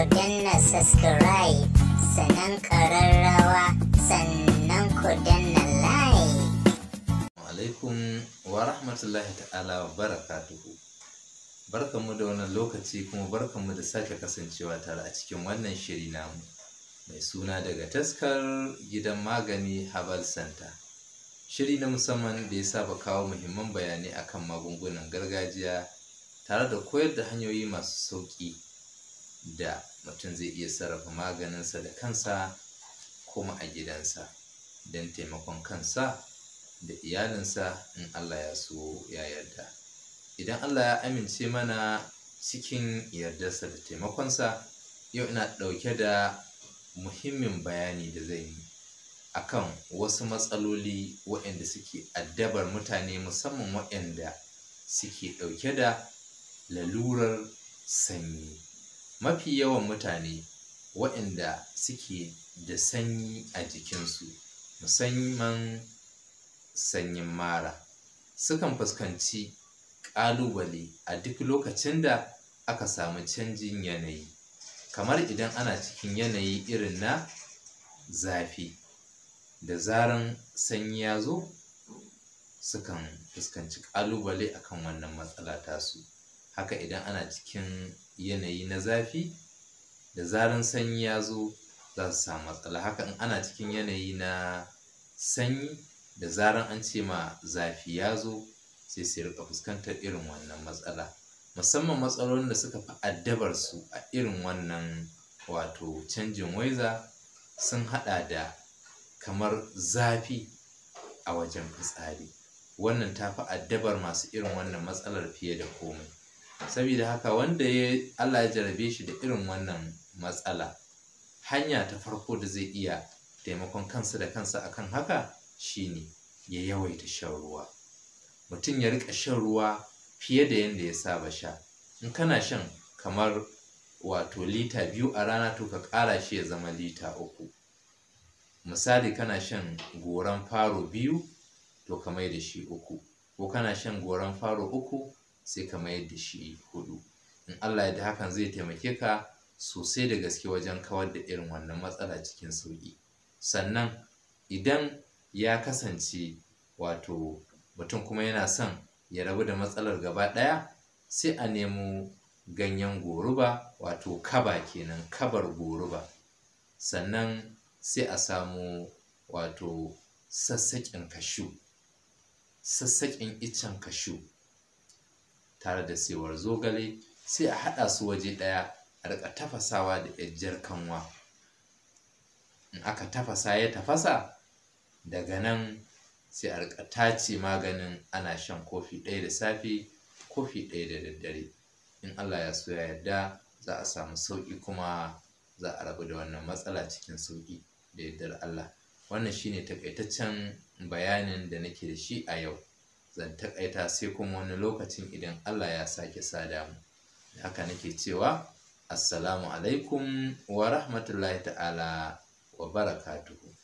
ku danna subscribe sannan ƙararrawa sannan ku danna like. alaikum wa rahmatullahi ta'ala wa barakatuhu barkanmu da wannan lokaci kuma barkanmu da sake kasancewa tare a cikin wannan shiri namu mai suna daga taskar gidan magani herbal center shiri na musamman da ya saba kawo muhimman bayanai akan magungunan gargajiya tare da koyar da hanyoyi masu sauƙi da mutum zai iya sarrafa maganinsa da kansa kuma a gidansa don taimakon kansa da iyalinsa in Allah ya so ya yarda idan Allah ya amince mana cikin yardarsa da taimakonsa yau ina ɗauke da muhimmin bayani da zai yi akan wasu matsaloli waɗanda suke addabar mutane musamman waɗanda suke ɗauke da lalurar sanyi mafi yawan mutane waɗanda suke da sanyi a jikinsu musamman sanyin mara sukan fuskanci ƙalubale a duk lokacin da aka samu canjin yanayi kamar idan ana cikin yanayi irin na zafi da zaran sanyi ya zo sukan fuskanci ƙalubale akan wannan matsala tasu haka idan ana cikin yanayi na zafi da zaran sanyi ya zo za su samu matsala haka in ana cikin yanayi na sanyi da zaran an ce ma zafi ya zo sai su rika fuskantar irin wannan matsala musamman matsalolin da suka fi addabar su a irin wannan wato canjin waiza sun haɗa da kamar zafi a wajen fitsari wannan ta fi addabar masu irin wannan matsalar fiye da komai saboda haka wanda ya Allah ya jarabe shi da irin wannan matsala hanya ta farko da zai iya taimakon kansa da kansa akan haka shine ya yawaita shan ruwa mutum ya rika shan ruwa fiye da yanda ya saba sha in kana shan kamar wato lita biyu a rana to ka ƙara shi ya zama lita uku misali kana shan goran faro biyu to ka mai da shi uku ko kana shan goran faro uku sai ka mayar da shi hudu in Allah ya da hakan zai taimake ka sosai da gaske wajen kawar da irin wannan matsala cikin sauki sannan idan ya kasance wato mutum kuma yana son ya rabu da matsalar gaba ɗaya sai a nemo ganyen goruba wato kaba kenan kabar goruba sannan sai a samu wato sassaƙin kashu sassaƙin iccen kashu tare da sewar zogale sai a haɗa su waje ɗaya a riƙa tafasawa da yajjar kanwa in aka tafasa ya tafasa daga nan sai a riƙa tace maganin ana shan kofi ɗaya da safe kofi ɗaya da daddare in Allah ya so ya yarda za a samu sauƙi kuma za a rabu da wannan matsala cikin sauƙi da yardar Allah wannan shine taƙaitaccen bayanin da nake da shi a yau zan takaita sai kuma wani lokacin idan Allah ya sake damu, da haka nake cewa assalamu alaikum wa rahmatullahi ta'ala wa barakatuhu